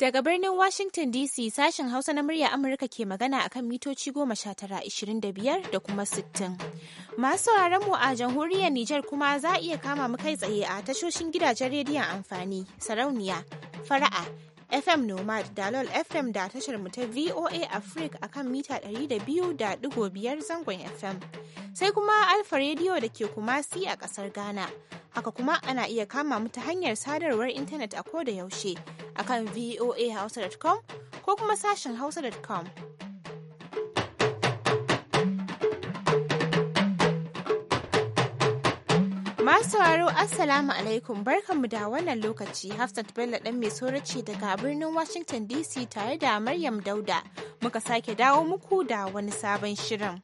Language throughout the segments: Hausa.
Daga birnin Washington DC sashen Hausa na murya Amurka ke magana akan mitoci goma sha tara ishirin da biyar da kuma sittin. Masu mu a jamhuriyar Nijar kuma za a iya kama mu kai tsaye a tashoshin gidajen rediyon amfani, sarauniya, fara'a, FM Nomad da LOL FM da tashar mu ta VOA Africa akan mita 200.5 zangon FM. Sai kuma Alfa Radio da ke kuma si a kasar Ghana. Haka kuma ana iya kama mu ta hanyar sadarwar intanet a koda yaushe akan voahausa.com ko kuma sashen hausa.com. Masu sauraro Assalamu alaikum barkanmu da wannan lokaci Hafsat Bello dan mai ce daga birnin Washington DC tare da Maryam Dauda muka sake dawo muku da wani sabon shirin.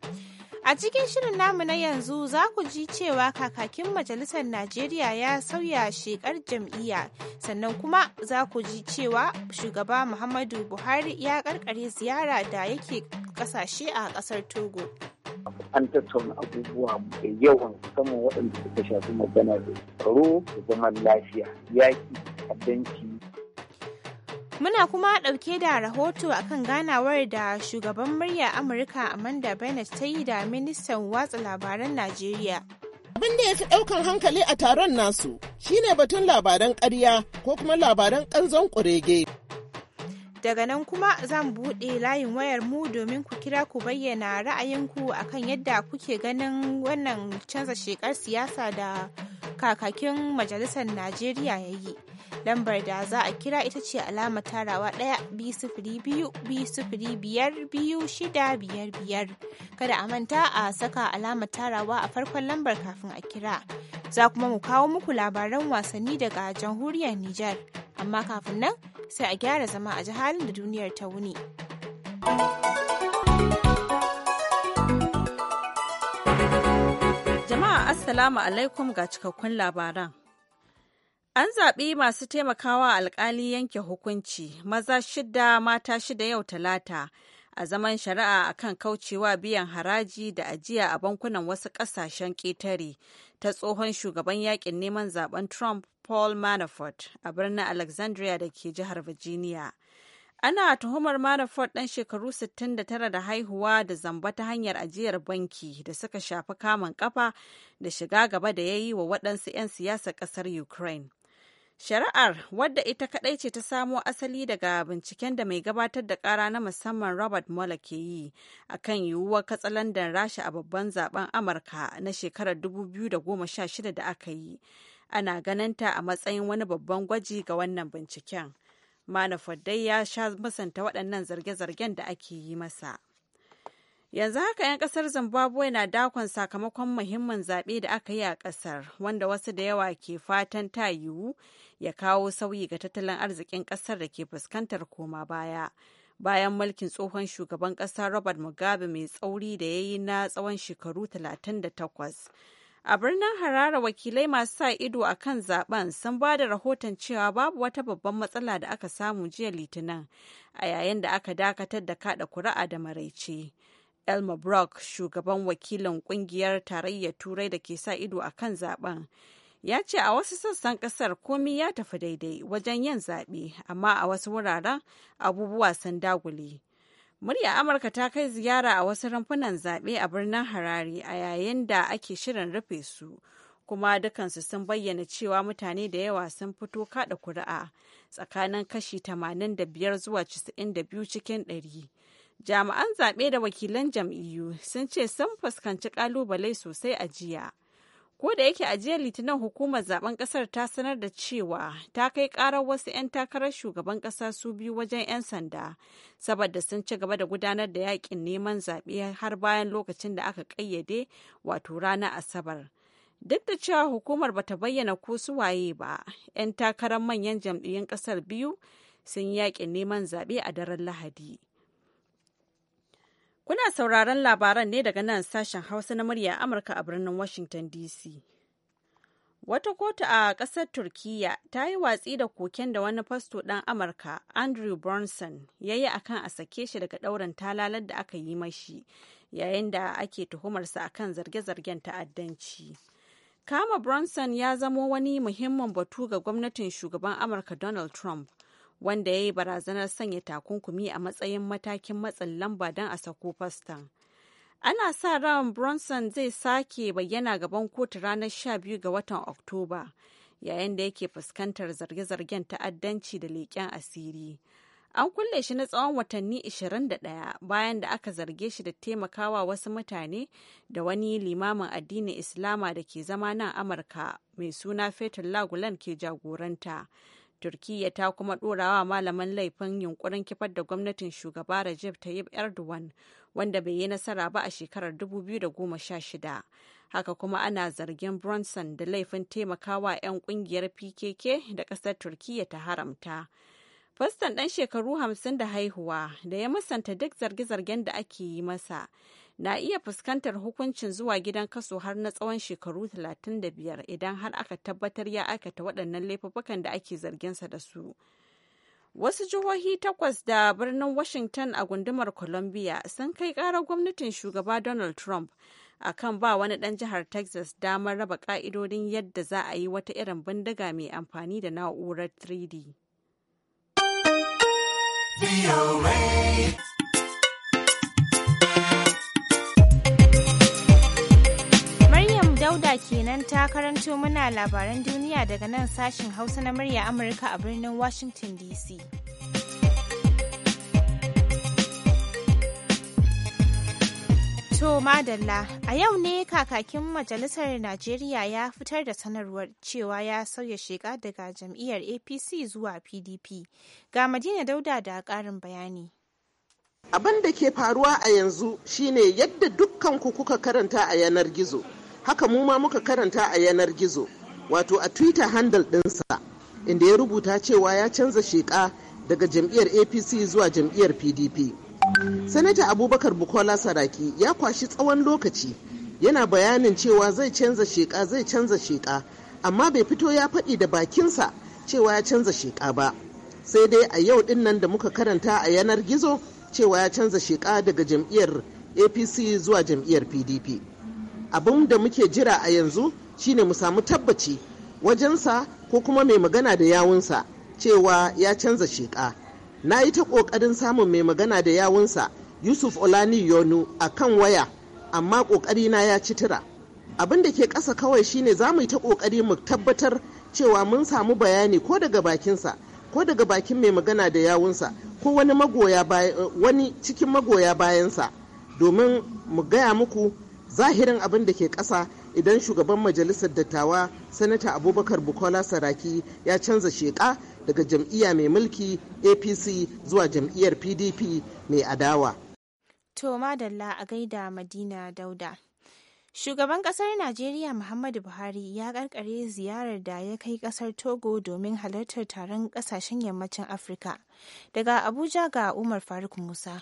A cikin shirin namu na yanzu za ku ji cewa kakakin Majalisar Najeriya ya sauya shekar jam'iyya sannan kuma za ku ji cewa shugaba Muhammadu Buhari ya karkare ziyara da yake kasashe a kasar Togo. an tattauna abubuwa da yawan saman waɗanda suka shafi magana da tsaro da zaman lafiya yaƙi addanci Muna kuma ɗauke da rahoto a kan ganawar da shugaban murya Amurka Amanda Bennett ta yi da ministan watsa labaran Najeriya. Abin da ya fi ɗaukan hankali a taron nasu shine batun labaran ƙarya ko kuma labaran ƙanzon ƙurege. daga nan kuma za mu buɗe layin wayar mu domin ku kira ku bayyana ra'ayinku akan yadda kuke ganin wannan canza shekar siyasa da kakakin majalisar najeriya ya yi lambar da za a kira ita ce alama tarawa ɗaya biyu biyu biyu biyar biyu shida biyar biyar kada a manta a saka alama tarawa a farkon lambar kafin a kira za kuma mu kawo muku labaran wasanni daga jamhuriyar nijar amma kafin nan sai a gyara zama a ji halin da duniyar ta wuni. Jama'a Assalamu alaikum ga cikakkun labaran. An zaɓi masu taimakawa alƙali yanke hukunci maza shida mata shida yau talata a zaman shari'a akan kaucewa biyan haraji da ajiya a bankunan wasu ƙasashen ƙetare ta tsohon shugaban yakin neman zaben Trump Paul Manafort a birnin Alexandria da ke jihar Virginia. Ana tuhumar Manafort ɗan shekaru 69 da haihuwa da zamba ta hanyar ajiyar banki da suka shafi kamun kafa da shiga gaba da ya yi wa waɗansu 'yan siyasar ƙasar Ukraine. Shari'ar wadda ita Kadai ce ta samo asali daga binciken da mai gabatar da ƙara na musamman Robert Mueller ke yi a kan yiwuwar katsalandan rasha a babban zaben Amurka na shekarar 2016 da aka yi. Ana gananta a matsayin wani babban gwaji ga wannan binciken. Manafort dai ya sha musanta waɗannan zarge-zargen da ake yi masa. yanzu haka 'yan kasar zimbabwe na dakon sakamakon muhimmin zaɓe da aka yi a ƙasar wanda wasu da yawa ke fatan ta yiwu ya kawo sauyi ga tattalin arzikin ƙasar da ke fuskantar koma baya. Bayan mulkin tsohon shugaban ƙasa Robert Mugabe mai tsauri da ya yi na tsawon shekaru 38. A birnin Harara wakilai masu sa ido a kan zaben sun ba da rahoton cewa babu wata babban matsala da aka samu jiya Litinin a yayin da aka dakatar da kada kuri'a da maraice. Elmer Brock, shugaban wakilin kungiyar tarayyar Turai da ke sa ido a kan zaben, ya ce a wasu sassan kasar komi ya tafi daidai wajen yin zaɓe amma a wasu wuraren abubuwa sun dagule murya amurka ta kai ziyara a wasu rumfunan zaɓe a birnin harare a yayin da ake shirin rufe su kuma dukansu sun bayyana cewa mutane da yawa sun fito kaɗa kuri'a tsakanin kashi 85 zuwa 92 cikin 100 jami'an zaɓe da wakilan jam'iyyu sun ce sun fuskanci ƙalubale sosai a jiya ko da yake a jiya litinin hukumar zaben kasar ta sanar da cewa ta kai karar wasu 'yan takarar shugaban kasa su biyu wajen 'yan sanda saboda sun ci gaba da gudanar da yakin neman zaɓe har bayan lokacin da aka ƙayyade wato ranar asabar duk da cewa hukumar bata bayyana ko su waye ba 'yan takarar manyan jam'iyyun kasar biyu sun yakin neman zaɓe a daren lahadi Kuna sauraron labaran ne daga nan sashen Hausa na murya Amurka a birnin Washington DC. Wata kotu a ƙasar Turkiyya ta yi watsi da koken da wani fasto ɗan Amurka, Andrew Bronson, ya yi akan a sake shi daga ɗaurin talalar da aka yi mashi, yayin da ake tuhumarsa akan zarge-zargen ta'addanci. Kama Bronson ya zamo wani muhimmin batu ga gwamnatin shugaban Amurka Donald Trump. wanda ya yi barazanar sanya takunkumi a matsayin matakin matsin lamba don a sako faston. Ana sa ran Bronson zai sake bayyana gaban kotu ranar 12 ga watan Oktoba, yayin da yake fuskantar zarge-zargen ta'addanci da leƙen asiri. An kulle shi na tsawon watanni 21 bayan da aka zarge shi da taimakawa wasu mutane da wani limamin addinin Islama da ke zama nan Amurka mai suna Fetullah Gulen ke jagoranta. turkiyya ta kuma ɗorawa malaman laifin yunkurin kifar da gwamnatin shugaba Recep Tayyip Erdogan wanda bai yi nasara ba a shekarar 2016. Haka kuma ana zargin Bronson da laifin taimakawa 'yan ƙungiyar PKK da ƙasar turkiyya ta haramta. Faston ɗan shekaru hamsin da haihuwa da ya musanta duk zarge-zargen da ake yi masa na iya fuskantar hukuncin zuwa gidan kaso har na tsawon shekaru 35 idan har aka tabbatar ya aikata waɗannan laifukan da ake zarginsa da su. Wasu jihohi takwas da birnin Washington a gundumar Columbia sun kai ƙarar gwamnatin shugaba Donald Trump a kan ba wani ɗan jihar Texas damar raba ƙa'idodin yadda za a yi wata irin bindiga mai amfani da na'urar 3D. Dauda kenan ta karanto muna labaran duniya daga nan sashen Hausa na murya Amurka a birnin Washington DC. To madalla a yau ne kakakin majalisar Najeriya ya fitar da sanarwar cewa ya sauya sheka daga jam'iyyar APC zuwa PDP. Ga Madina Dauda da ƙarin bayani. Abin da ke faruwa a yanzu shine yadda dukkan ku kuka karanta a yanar gizo. haka mu ma muka karanta a yanar gizo wato a twitter handle ɗinsa inda ya rubuta cewa ya canza sheƙa daga jam'iyyar apc zuwa jam'iyyar pdp sanata abubakar bukola saraki ya kwashi tsawon lokaci yana bayanin cewa zai canza sheƙa zai canza sheƙa amma bai fito ya faɗi da bakinsa cewa ya canza sheƙa ba sai dai a yau ɗin nan da muka karanta a yanar gizo cewa ya canza sheƙa daga jam'iyyar apc zuwa jam'iyyar pdp abin da muke jira a yanzu shine mu samu tabbaci wajensa ko kuma mai magana da yawunsa cewa ya canza sheƙa na yi ta ƙoƙarin samun mai magana da yawunsa yusuf olani yonu a kan waya amma na ya ci tura abin da ke ƙasa kawai shine za mu yi ta ƙoƙari mu tabbatar cewa mun samu bayani ko daga bakinsa ko daga bakin mai magana da yawunsa ko wani cikin magoya bayansa domin mu gaya muku zahirin abin da ke ƙasa idan shugaban majalisar dattawa sanata abubakar bukola saraki ya canza sheƙa daga jam'iyya mai mulki apc zuwa jam'iyyar pdp mai adawa to madalla a gaida madina dauda Shugaban kasar Najeriya Muhammadu Buhari ya karkare ziyarar da ya kai kasar Togo domin halartar taron kasashen yammacin Afirka. Daga Abuja ga Umar Faruk Musa.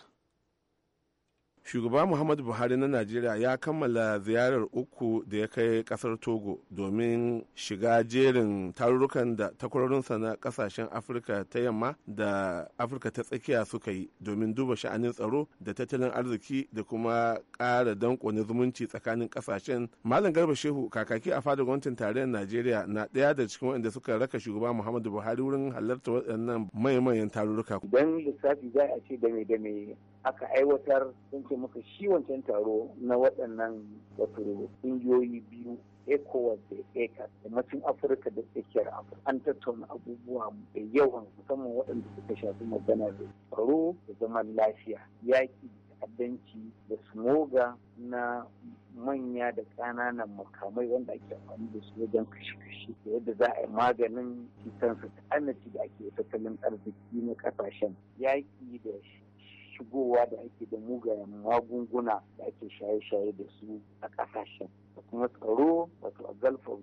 shugaba muhammadu buhari na najeriya ya kammala ziyarar uku da ya kai kasar togo domin shiga jerin tarurrukan da takwarorinsa na kasashen afirka ta yamma da afirka ta tsakiya suka yi domin duba sha'anin tsaro da tattalin arziki da kuma ƙara danƙone zumunci tsakanin kasashen malam garba shehu kakaki a fadar gwamnatin tarayyar najeriya na ɗaya da cikin waɗanda suka raka shugaba muhammadu buhari wurin halarta waɗannan mayan tarurruka. idan lissafi za a ce dame-dame aka aiwatar sun ce muka shi wancan taro na waɗannan wato ƙungiyoyi biyu ECOWAS da ECAS da macin Afirka da tsakiyar Afirka an tattauna abubuwa da yawan musamman waɗanda suka shafi magana maganar tsaro da zaman lafiya yaƙi ta'addanci da smoga na manya da ƙananan makamai wanda ake amfani da su wajen kashe-kashe da yadda za a yi maganin cutar su ta'annaci da ake tattalin arziki na ƙasashen yaƙi da shigowa da ake da mugayen magunguna da ake shaye-shaye da su a ƙasashen da kuma tsaro wato a gulf of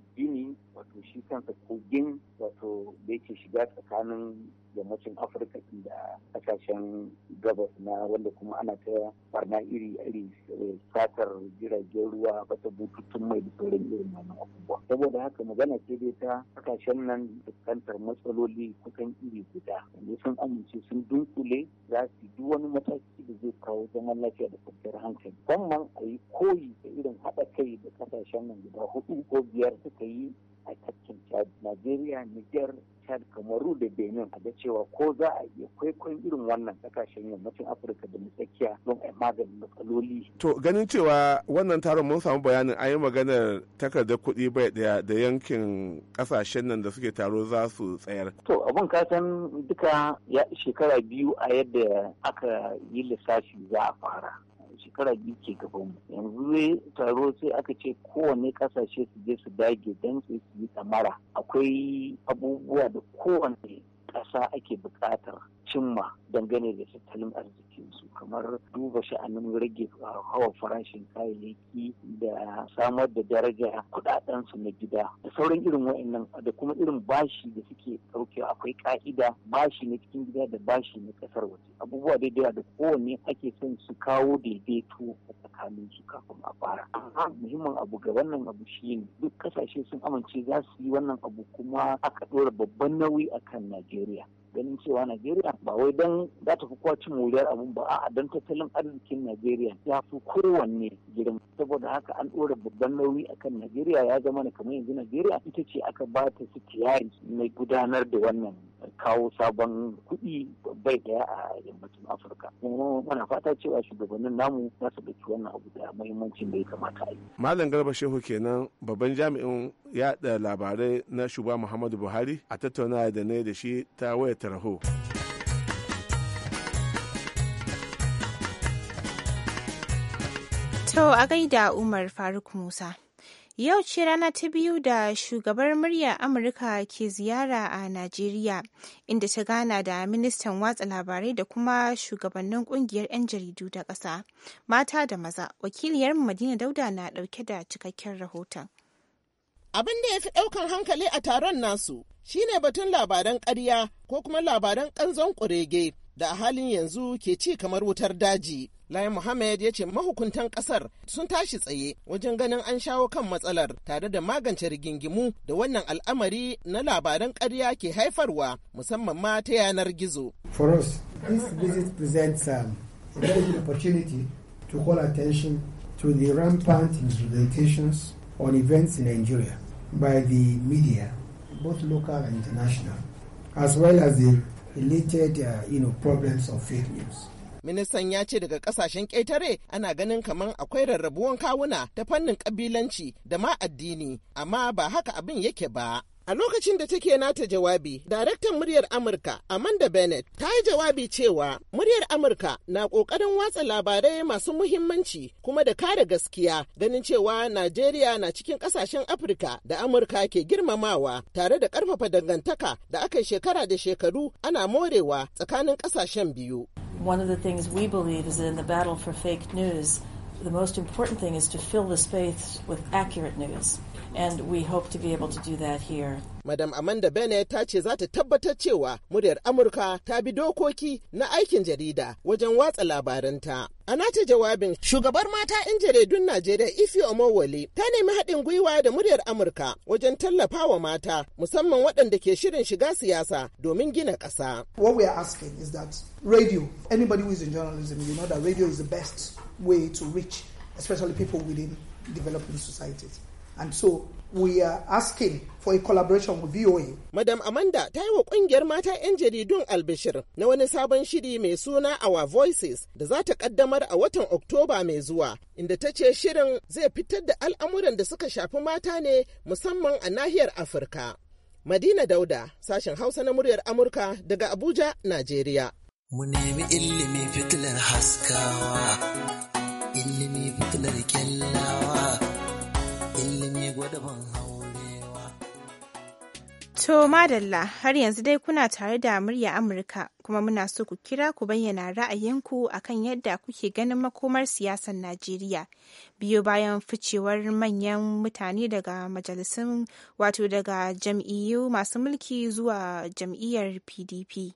wato shi kansa kogin wato da yake shiga tsakanin yammacin afirka da kasashen gabas na wanda kuma ana ta barna iri-iri eh, satar jiragen ruwa bata bututun mai da sauran irin wannan abubuwa saboda haka magana ce dai ta kasashen nan fuskantar matsaloli kusan iri guda yanzu sun amince sun dunkule za su yi wani mataki da zai kawo zaman lafiya da kwanciyar hankali musamman a yi koyi da irin haɗa kai da kasashen nan guda hudu ko biyar suka yi a tafkin Chad, Najeriya, Niger, Chad, Kamaru da Benin a da cewa ko za a iya kwaikwayon irin wannan kasashen yammacin Afirka da tsakiya don a maganin matsaloli. To ganin cewa wannan taron mun samu bayanin an yi maganar takardar kuɗi bai ɗaya da yankin kasashen nan da suke taro za su tsayar. To abun kasan duka ya shekara biyu a yadda aka yi lissafi za a fara. shekara biyu ke mu, yanzu taro sai aka ce kowane kasashe su je su dage don su yi tsamara akwai abubuwa da kowane ƙasa ake buƙatar cimma dangane da tattalin arzikinsu kamar duba sha'anin rage hawa farashin kayayyaki da samar da daraja kudadensu na gida da sauran irin wa'annan da kuma irin bashi da suke ɗauke akwai ka'ida bashi na cikin gida da bashi na kasar waje abubuwa daidai da kowanne ake son su kawo daidaito a tsakanin su kafin a fara amma muhimmin abu ga wannan abu shi ne duk kasashe sun amince za su yi wannan abu kuma aka ɗora babban nauyi a kan Najeriya ganin cewa Najeriya ba wai don za ta fi kwacin wuriyar abun ba a don tattalin arzikin Najeriya ya fi kowanne girma saboda haka an ɗora babban nauyi akan Najeriya ya zama kamar yanzu Najeriya ita ce aka ba ta sitiyari mai gudanar da wannan kawo sabon kuɗi bai daya a yammacin afirka kuma muna fata cewa shugabannin namu za su ɗauki wannan abu da mahimmancin da ya kamata yi malam garba shehu kenan babban jami'in yaɗa labarai na shugaba muhammadu buhari a tattauna da ne da shi ta wayar tarho. To a gaida Umar Faruk Musa. Yau ce rana ta biyu da shugabar muryar Amurka ke ziyara a Najeriya, inda ta gana da ministan watsa labarai da kuma shugabannin kungiyar 'yan jaridu da ƙasa, mata da maza. Wakiliyar Madina Dauda na ɗauke da cikakken rahoton. Abin da ya fi ɗaukar hankali a taron nasu shine batun labaran ƙarya ko kuma labaran ƙanzon ƙurege da a halin yanzu ke ci kamar wutar daji. Lai Muhammad ya ce mahukuntan kasar sun tashi tsaye wajen ganin an shawo kan matsalar tare da magance rigingimu da wannan al'amari na labaran karya ke haifarwa musamman ma ta yanar gizo. For us, this visit presents um, a very good opportunity to call attention to the rampant interpretations on events in Nigeria by the media, both local and international, as well as the related uh, you know, problems of fake news. Ministan ya ce daga kasashen ƙetare ana ganin kamar akwai rarrabuwan kawuna ta fannin ƙabilanci da ma addini, amma ba haka abin yake ba. A lokacin da take nata jawabi, daraktan muryar Amurka Amanda Bennett ta yi jawabi cewa muryar Amurka na ƙoƙarin watsa labarai masu muhimmanci kuma da kare gaskiya ganin cewa Najeriya na cikin ƙasashen Afirka da Amurka ke girmamawa tare da ƙarfafa dangantaka da aka shekara da shekaru ana morewa tsakanin ƙasashen biyu. one of the things we believe is that in the battle for fake news, the most important thing is to fill the space with accurate news. And we hope to be able to do that here. Madam Amanda Bennett ta ce za ta tabbatar cewa muryar Amurka ta bi dokoki na aikin jarida wajen watsa labaranta. A nata jawabin shugabar mata 'yan jaridun Najeriya Ifi Omowole ta nemi haɗin gwiwa da muryar Amurka wajen tallafa wa mata musamman waɗanda ke shirin shiga siyasa domin gina ƙasa. What we are asking is that radio, anybody who is in journalism, you know that radio is the best way to reach, especially people within developing societies. And so we are asking for a collaboration with VOA. Madam Amanda ta yi wa kungiyar mata 'yan jaridun albishir na wani sabon shiri mai suna Our Voices da za ta kaddamar a watan Oktoba mai zuwa, inda ta ce shirin zai fitar da al'amuran da suka shafi mata ne musamman a nahiyar Afirka. Madina Dauda, sashen Hausa na muryar Amurka daga Abuja, Najeriya. Mu nemi ilimi fitilar haskawa, ilimi fitilar kyallawa, ilimi gwadaban haurewa. To madalla har yanzu dai kuna tare da murya Amurka kuma muna so ku kira ku bayyana ra'ayinku akan yadda kuke ganin makomar siyasar Najeriya biyo bayan ficewar manyan mutane daga majalisun wato daga jam'iyyu masu mulki zuwa jam'iyyar PDP.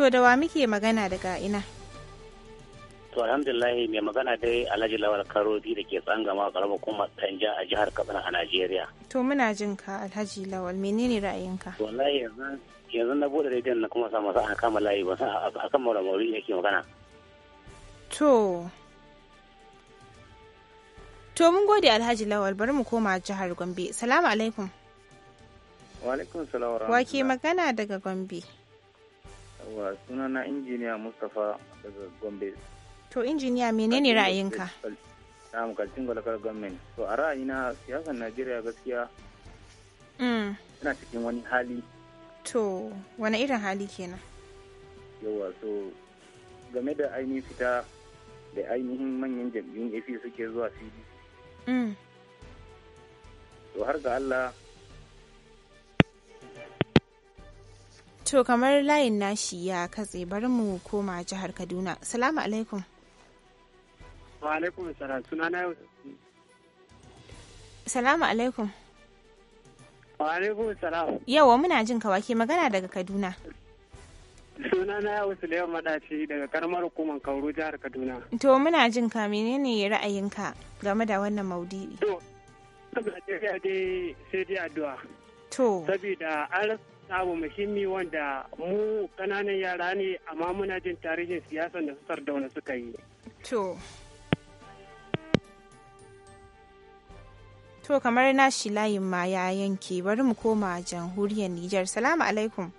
To da wa muke magana daga ina? To alhamdulillah mai magana dai Alhaji Lawal Karobi da ke tsangama karamar kuma Tanja a jihar Katsina a Najeriya. To muna jin ka Alhaji Lawal menene ra'ayinka? Wallahi yanzu yanzu na bude rediyon na kuma samu sa'a kama layi ba a kan mara mauri yake magana. To To mun gode Alhaji Lawal bari mu koma jihar Gombe. Salamu alaikum. Wa alaikum salam Wa ke magana daga Gombe? yawa sunana injiniya mustapha daga gombe to injiniya menene ra'ayinka na mukalcin gwalakar gwamnati to a ra'ayina siyasar najeriya gaskiya yana mm. cikin wani hali to wani irin hali kenan yawa so game da ainihin fita da ainihin manyan jam'iyyun afi suke zuwa fili mm. to har ga allah To kamar layin nashi ya katse bari mu koma jihar Kaduna. Salamu alaikum. Wa alaikum yau. Salamu alaikum. Wa Yawa muna jin kawa ke magana daga Kaduna. Suna na wasu Suleiman Madaci daga karamar hukumar Kauru jihar Kaduna. To muna jin ka menene ra'ayinka game da wannan maudu'i? To, sai dai addu'a. To. Sabida an rasa wani abu muhimmi wanda mu kananan yara ne amma muna jin tarihin siyasar da su wani suka yi. To. To kamar na shi layin ma ya yanke bari mu koma jamhuriyar Nijar. Salamu alaikum.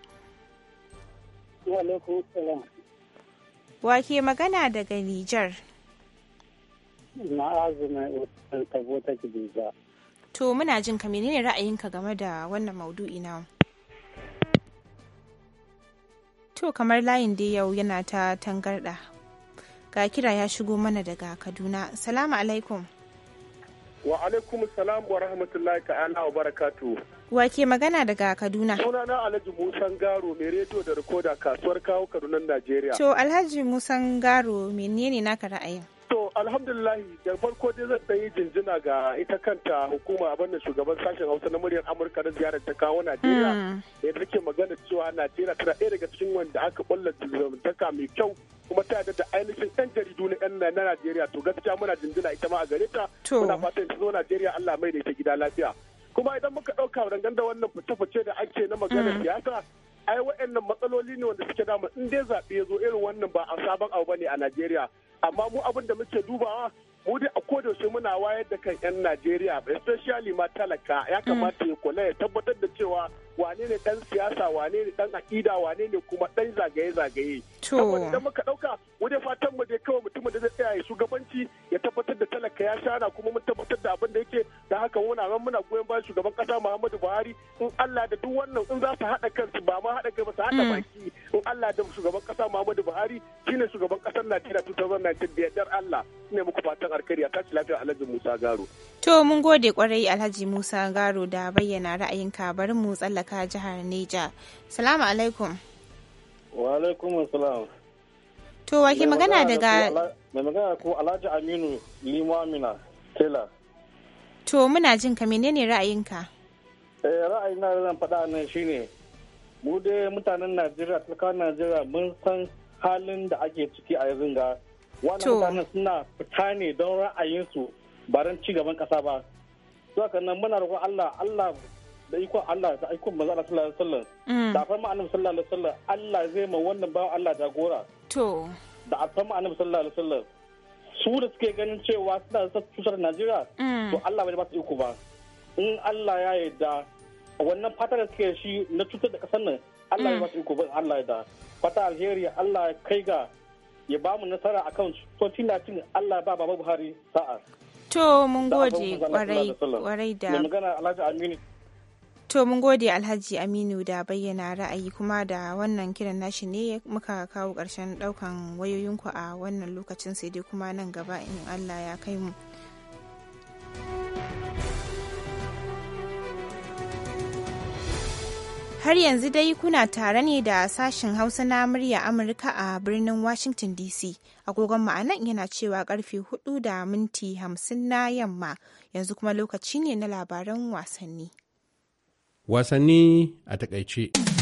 Wa alaikum salam. ke magana daga Nijar. Na azumin ta To muna jin ka menene ra'ayinka game da wannan maudu'i na To kamar layin da yau yana ta tangarɗa. Ga kira ya shigo mana daga Kaduna. Salamu alaikum. Wa alaikum salam wa rahmatullahi ta'ala wa barakatu. Wa ke magana daga Kaduna? Sunana Alhaji Musan Garo mai rediyo da rikoda kasuwar kawo Kaduna Najeriya. To Alhaji Musan Garo menene naka ra'ayin? To alhamdulillahi da farko dai zan yi jinjina ga ita kanta hukuma abin shugaban sashen Hausa na muryar Amurka na ziyarar ta kawo Najeriya hmm. da take magana cewa Najeriya tana ɗaya daga cikin wanda aka kulla zamantaka mai kyau kuma ta yadda da ainihin yan jaridu na yan na Najeriya to gaskiya muna jinjina ita ma a gare ta muna fatan ta zo Najeriya Allah mai da ita gida lafiya kuma idan muka ɗauka dangan da wannan fice-fice da ake na maganar hmm. siyasa ai wa'annan matsaloli ne wanda suke dama in dai zaɓe ya zo irin wannan ba a sabon abu ba ne a Najeriya amma mu abin da muke dubawa mu dai a kodayaushe muna wayar da kan 'yan najeriya especially ma talaka ya mm. kamata ya kula ya tabbatar da cewa wane ne dan siyasa wane ne dan akida wane ne kuma dan zagaye-zagaye. To. Idan muka ɗauka wani fatan mu dai kawai mutumin da zai tsaya ya shugabanci ya tabbatar da talaka ya shana kuma mun tabbatar da abin da yake da haka muna ran muna goyon bayan shugaban kasa Muhammadu Buhari in Allah da duk wannan in za su haɗa kansu ba ma haɗa kai ba su haɗa mm. baki in Allah da shugaban kasa Muhammadu Buhari shine shugaban kasar Najeriya 2019 da Allah ne muku fatan alkhairi a tashi lafiya Alhaji Musa Garo. To mun gode kwarai Alhaji Musa Garo da bayyana ra'ayinka bari mu tsallaka Amurka jihar Neja. Salamu alaikum. Wa alaikum salam. To waki magana daga Mai magana ko Alhaji Aminu Limamina Tela. To muna jin ka menene ra'ayinka? Eh ra'ayina da zan faɗa nan shine mu dai mutanen Najeriya talakawan Najeriya mun san halin da ake ciki a yanzu ga wannan mutanen suna fita ne don ra'ayinsu ba don ci gaban ƙasa ba. Saka nan muna roƙon Allah Allah da ikon Allah da ikon manzo Allah sallallahu alaihi wasallam mm. da farma annabi sallallahu alaihi wasallam Allah zai ma wannan bawan Allah jagora to da farma annabi sallallahu alaihi wasallam su da suke ganin cewa suna da cutar Najeriya mm. to Allah bai ba su iko ba in Allah ya yarda wannan fatar da suke shi na tutar da kasar nan Allah ya mm. ba su iko ba Allah ya da fata Algeria Allah ya kai ga ya ba mu nasara akan cutoci na Allah ba baba Buhari sa'a to mun gode kwarai da magana Alhaji Aminu To mun gode Alhaji Aminu da bayyana ra'ayi kuma da wannan kiran nashi ne muka kawo ƙarshen ɗaukan wayoyinku a wannan lokacin sai dai kuma nan gaba in Allah ya kai mu. Har yanzu dai kuna tare ne da sashen Hausa na murya Amurka a birnin Washington DC. Agogon ma'anan yana cewa karfe 4 da minti 50 na yamma yanzu kuma lokaci ne na labaran wasanni. Wasanni a takaice.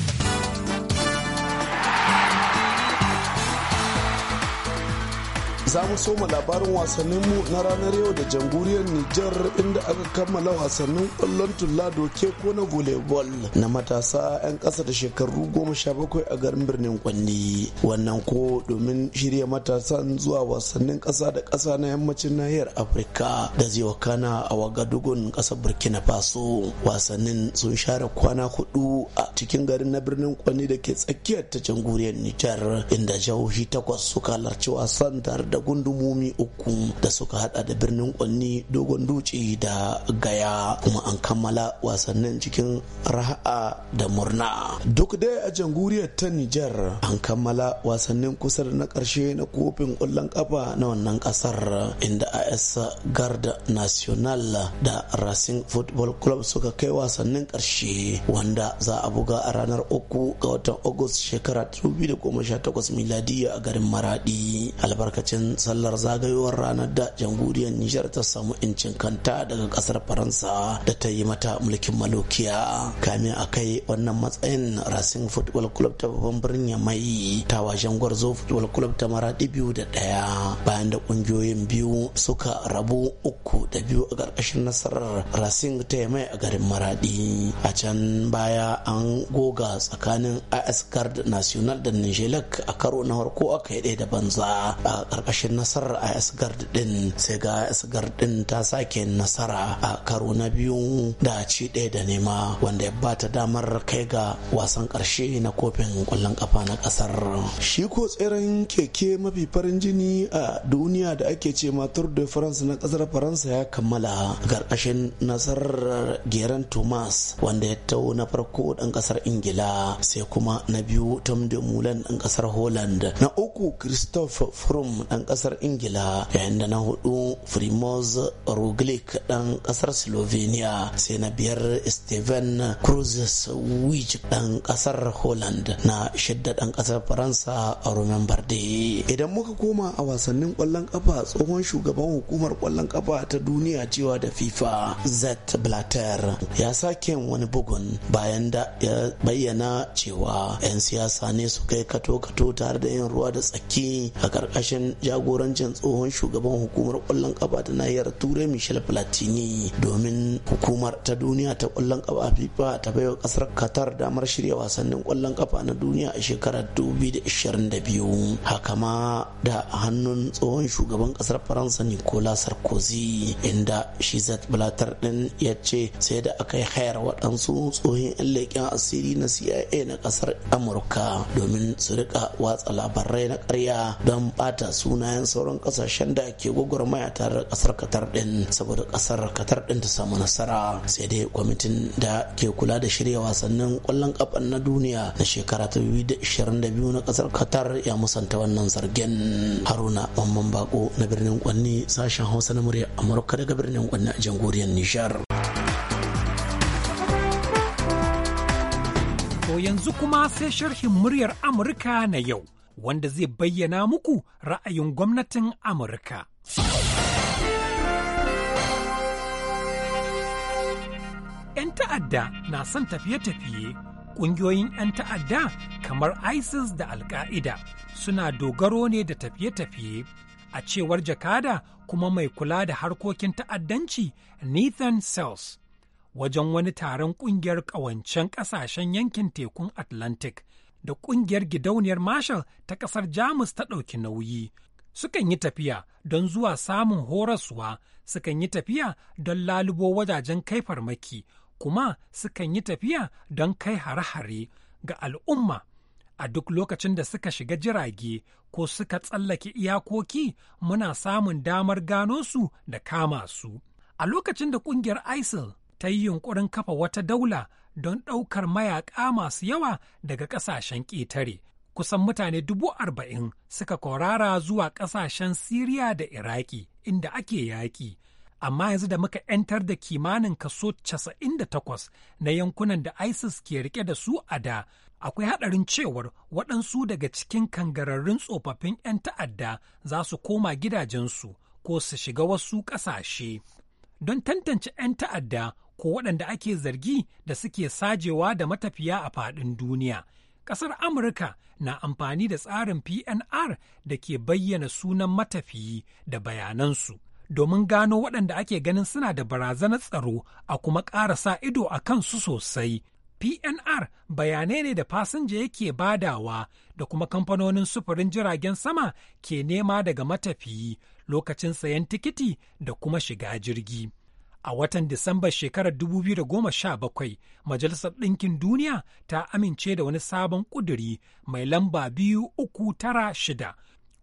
za mu soma labarin wasanninmu na ranar yau da jamhuriyar Nijar inda aka kammala wasannin kwallon tula doke ko na volleyball na matasa 'yan ƙasa da shekaru goma sha bakwai a garin birnin Kwanni. Wannan ko domin shirya matasan zuwa wasannin ƙasa da ƙasa na yammacin nahiyar Afirka da zai wakana a Wagadugun ƙasar Burkina Faso. Wasannin sun share kwana hudu a cikin garin na birnin Kwanni da ke tsakiyar ta jamhuriyar Nijar inda jihohi takwas suka halarci wasan tare da da gundumomi uku da suka hada da birnin kwanni dogon dutse da gaya kuma an kammala wasannin cikin raha da murna duk dai a jamhuriyar ta nijar an kammala wasannin kusa na karshe na kofin kwallon kafa na wannan kasar inda as garda national da racing football club suka kai wasannin karshe wanda za a buga a ranar uku ga watan agus shekara 2018 miladiya a garin maradi albarkacin sallar zagayowar ranar da jamhuriyar Nijar ta samu incin kanta daga kasar Faransa da ta yi mata mulkin malokiya. Kamin a kai wannan matsayin Racing Football Club ta babban birnin mai ta washen gwarzo Football Club ta maradi biyu da daya bayan da ƙungiyoyin biyu suka rabu uku da biyu a ƙarƙashin nasarar Racing ta mai a garin maradi. A can baya an goga tsakanin AS Guard National da Nijelek a karo na farko a yi ɗaya da banza a ƙarƙashin Karshen nasarar a asgard din sai ga asgard din ta sake nasara a karo na biyu da ci ɗaya da nema wanda ya bata damar kai ga wasan karshe na kofin ƙwallon ƙafa na ƙasar shi ko tseren keke mafi farin jini a duniya da ake ce ma tour de france na ƙasar faransa ya kammala ƙarƙashin nasarar geran thomas wanda ya tau na farko ɗan ƙasar ingila sai kuma na biyu tom de mulan ɗan ƙasar holland na uku christophe from ɗan kasar ingila yayin da na hudu primoz roglic dan kasar slovenia sai na biyar steven cruzes wij dan kasar holland na shidda dan kasar faransa a romain barde idan muka koma a wasannin kwallon kafa tsohon shugaban hukumar kwallon kafa ta duniya cewa da fifa z blatter ya sake wani bugun bayan da ya bayyana cewa 'yan siyasa ne su kai kato-kato tare da yin ruwa da tsaki a karkashin jagorancin jagorancin tsohon shugaban hukumar kwallon kafa ta nahiyar turai michel platini domin hukumar ta duniya ta kwallon kafa fifa ta baiwa kasar qatar damar shirya wasannin kwallon kafa na duniya a shekarar 2022 haka ma da hannun tsohon shugaban kasar faransa nicolas sarkozy inda shizat blatter din ya ce sai da aka yi hayar waɗansu tsohon 'yan leƙen asiri na cia na kasar amurka domin su rika watsa labarai na karya don bata suna yanayin sauran kasashen da ke gwagwarmaya tare da kasar katar din saboda kasar katar din ta samu nasara sai dai kwamitin da ke kula da shirya wasannin kwallon kafa na duniya na shekara ta 2022 na kasar katar ya musanta wannan zargin haruna mamman bako na birnin kwanni sashen hausa na murya amurka daga birnin kwanni a jamhuriyar nishar To yanzu kuma sai sharhin muryar Amurka na yau. wanda zai bayyana muku ra'ayin gwamnatin Amurka. ‘Yan ta'adda na son tafiye-tafiye ƙungiyoyin 'yan ta'adda kamar ISIS da alƙa'ida suna dogaro ne da tafiye-tafiye a cewar jakada kuma mai kula da harkokin ta'addanci Nathan Sells wajen wani taron ƙungiyar ƙawancen ƙasashen yankin tekun Atlantic da ƙungiyar gidauniyar Marshall ta ƙasar Jamus ta ɗauki nauyi. Sukan yi tafiya don zuwa samun horaswa, sukan yi tafiya don lalubo wajajen kai farmaki, kuma sukan yi tafiya don kai hare-hare ga al'umma. A duk lokacin da suka shiga jirage ko suka tsallake iyakoki muna samun damar gano su da kama su. A lokacin da ƙungiyar ISIL ta yi yunkurin kafa wata daula don ɗaukar mayaƙa masu yawa daga ƙasashen ƙetare. Kusan mutane dubu arba'in suka korara zuwa ƙasashen Siriya da Iraki inda ake yaƙi. Amma yanzu da muka 'yantar da kimanin kaso takwas na yankunan da ISIS ke rike da su a da, akwai haɗarin cewar waɗansu daga cikin kangararrun tsofaffin 'yan ta'adda za su koma gidajensu ko su shiga wasu ƙasashe. Don tantance 'yan ta'adda ko waɗanda ake zargi da suke sajewa da matafiya a faɗin duniya. Ƙasar Amurka na amfani da tsarin PNR da ke bayyana sunan matafiyi da bayanansu domin gano waɗanda ake ganin suna da barazanar tsaro a kuma ƙara sa ido a kansu sosai. PNR bayanai ne da fasinja yake badawa da kuma kamfanonin sufurin jiragen sama ke nema daga matafiyi lokacin sayan tikiti da kuma shiga jirgi. A watan Disambar shekarar 2017, Majalisar Ɗinkin Duniya ta amince da wani sabon ƙuduri mai lamba biyu uku tara shida,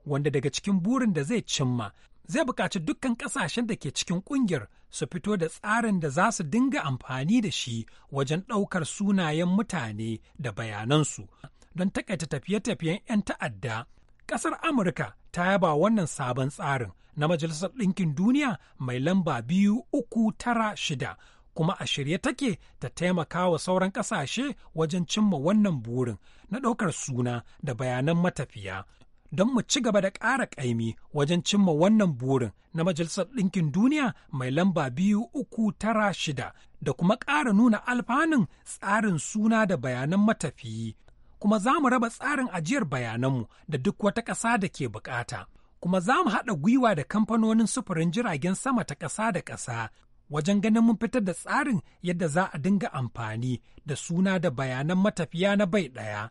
wanda daga cikin burin da zai cimma zai buƙaci dukkan ƙasashen da ke cikin ƙungiyar su fito da tsarin da za su dinga amfani da shi wajen ɗaukar sunayen mutane da bayanansu don taƙaita tafiye-tafiyen 'yan ta'adda. Ƙasar Amurka ta yaba wannan sabon tsarin na Majalisar Ɗinkin Duniya mai lamba biyu uku tara shida kuma a shirye take ta taimaka wa sauran ƙasashe wajen cimma wannan burin na ɗaukar suna da bayanan matafiya. Don mu ci gaba da ƙara ƙaimi wajen cimma wannan burin na Majalisar Ɗinkin Duniya mai lamba biyu uku tara shida da kuma ƙara nuna alfanun tsarin suna da bayanan matafiyi. Kuma za mu raba tsarin ajiyar bayananmu da duk wata ƙasa da ke bukata. kuma za mu haɗa gwiwa da kamfanonin sufurin jiragen sama ta ƙasa da ƙasa wajen ganin mun fitar da tsarin yadda za a dinga amfani da suna da bayanan matafiya na bai ɗaya.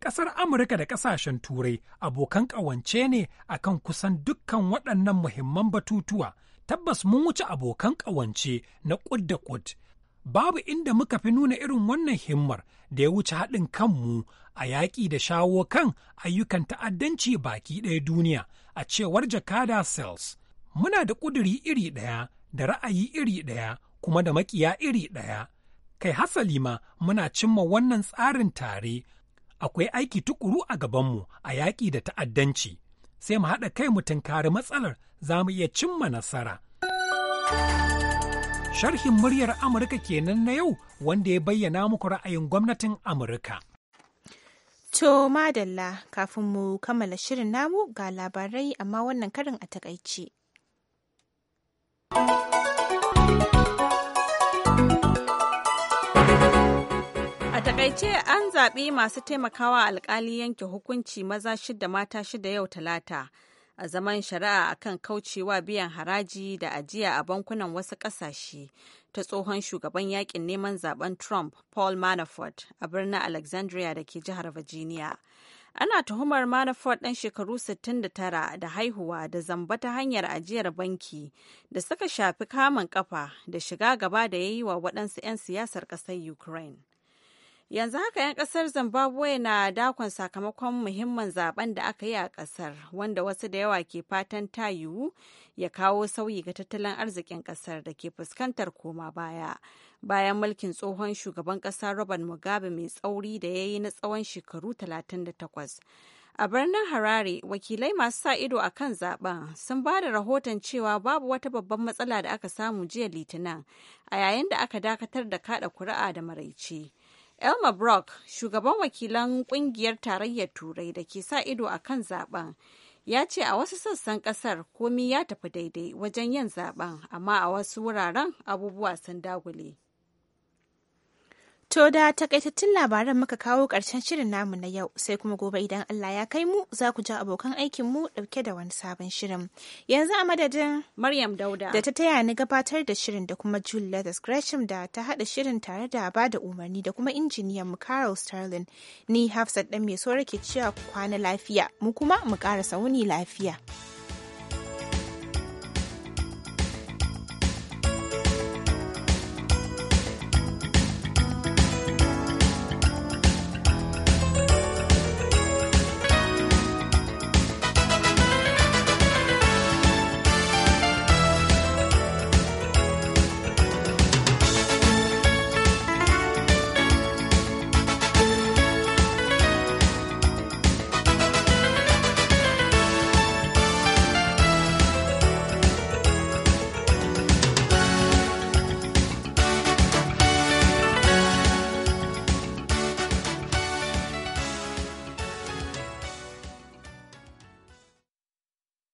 Ƙasar Amurka da ƙasashen Turai abokan ƙawance ne akan kusan dukkan waɗannan muhimman batutuwa. Tabbas mun wuce abokan ƙawance na ƙud da ƙud. Babu inda muka fi nuna irin wannan himmar da ya wuce haɗin kanmu a yaƙi da shawo kan ayyukan ta'addanci baki ɗaya duniya a cewar jakada sales muna da ƙuduri iri ɗaya da ra'ayi iri ɗaya kuma da makiya iri ɗaya kai hasali ma muna cimma wannan tsarin tare akwai aiki tukuru a gabanmu a yaƙi da ta'addanci sai mu haɗa kai mu tunkari matsalar za mu iya cimma nasara sharhin muryar amurka kenan na yau wanda ya bayyana muku ra'ayin gwamnatin amurka To madalla kafin mu kammala shirin namu ga labarai amma wannan karin a takaici. A takaice an zaɓi masu taimakawa alkali yanke hukunci maza shida mata shida yau talata. a zaman shari'a kan kaucewa biyan haraji da ajiya a bankunan wasu ƙasashe ta tsohon shugaban yakin neman zaben Trump Paul Manafort a birnin Alexandria da ke jihar Virginia. Ana tuhumar Manafort ɗan shekaru 69 da haihuwa da zamba ta hanyar ajiyar banki da suka shafi kamun kafa da shiga gaba da ya yi wa waɗansu 'yan siyasar ƙasar Ukraine. Yanzu haka 'yan kasar Zimbabwe na dakon sakamakon muhimman zaben da aka yi a kasar, wanda wasu da yawa ke fatan ta yiwu ya kawo sauyi ga tattalin arzikin kasar da ke fuskantar koma baya. Bayan mulkin tsohon shugaban kasa Robert Mugabe mai tsauri da ya yi na tsawon shekaru 38. A birnin Harare, wakilai masu sa ido a kan zaben sun ba da rahoton cewa babu wata babban matsala da aka samu jiya Litinin a yayin da aka dakatar da kada kuri'a da maraice. Elma Brock, shugaban wakilan kungiyar tarayyar Turai da ke sa ido a kan zaben, ya ce a wasu sassan kasar komi ya tafi daidai wajen yin zaben, amma a wasu wuraren abubuwa sun dagule. To da takaitattun labaran muka kawo ƙarshen shirin namu na yau sai kuma gobe idan Allah ya kai mu za ku ji abokan aikin mu ɗauke da wani sabon shirin. Yanzu a madadin Maryam Dauda da ta taya ni gabatar da shirin da kuma da Gresham da ta haɗa shirin tare da ba da umarni da kuma injiniyan mu Carol Sterling ni Hafsat ɗan mai so rake cewa kwana lafiya mu kuma mu ƙara sauni lafiya.